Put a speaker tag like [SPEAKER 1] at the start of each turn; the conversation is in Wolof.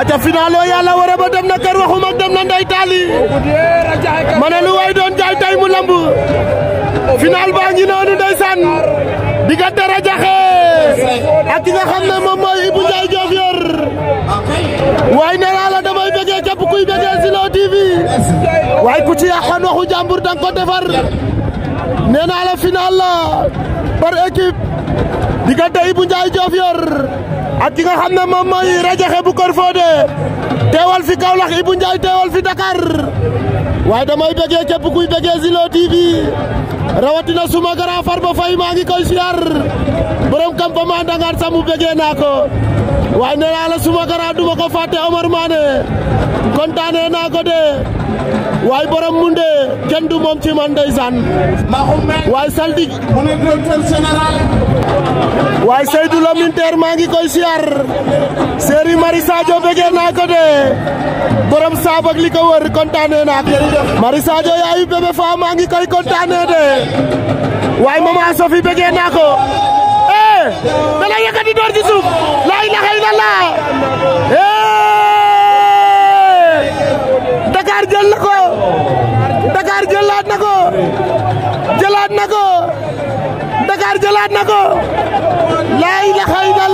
[SPEAKER 1] aca final o yàlla wara ba dem na kër waxu mag dem na ndey taali ma ne lu way doon jaay tay mu lamb final baa ngi noonu ndeysaan diggante Radiakhé ak ki nga xam ne moom mooy Ibou Ndiaye Diofior waaye nee la damay bëggee képp kuy bëggee Zilo TV waaye ku ci yàqoon waxu jàmbur danga defar par équipe diggante Ibou Ndiaye Diofior ak ki nga xam ne moom mooy Radiakhé bu Kër Fodé teewal fi Kaolack Ibou Ndiaye teewal fi Dakar waaye damay bëggee képp kuy bëggee Zilo TV rawatina suma grand Farba Faye maa ngi koy siyaar borom campement Ndangaan samu bëggee naa ko. way ne naa la suma garaa du ko fàtte Omar Mané kontaanee na ko de way borom munde ken du mom ci man ndeysaan waaye saldik waaye Seydou Lamine Ter maa ngi koy siar Seri Mari jo bëggee na ko de borom saabak li ko wër kontaanee na ko Mari jo yaayu bébé fa ma ngi koy kontaanee de way mama Sofi bëggee na ko
[SPEAKER 2] eh da la yëkkati door ci suuf Dakar jël na ko Dakar jëlaat na ko jëlaat na ko Dakar jëlaat na ko laa ilaha illa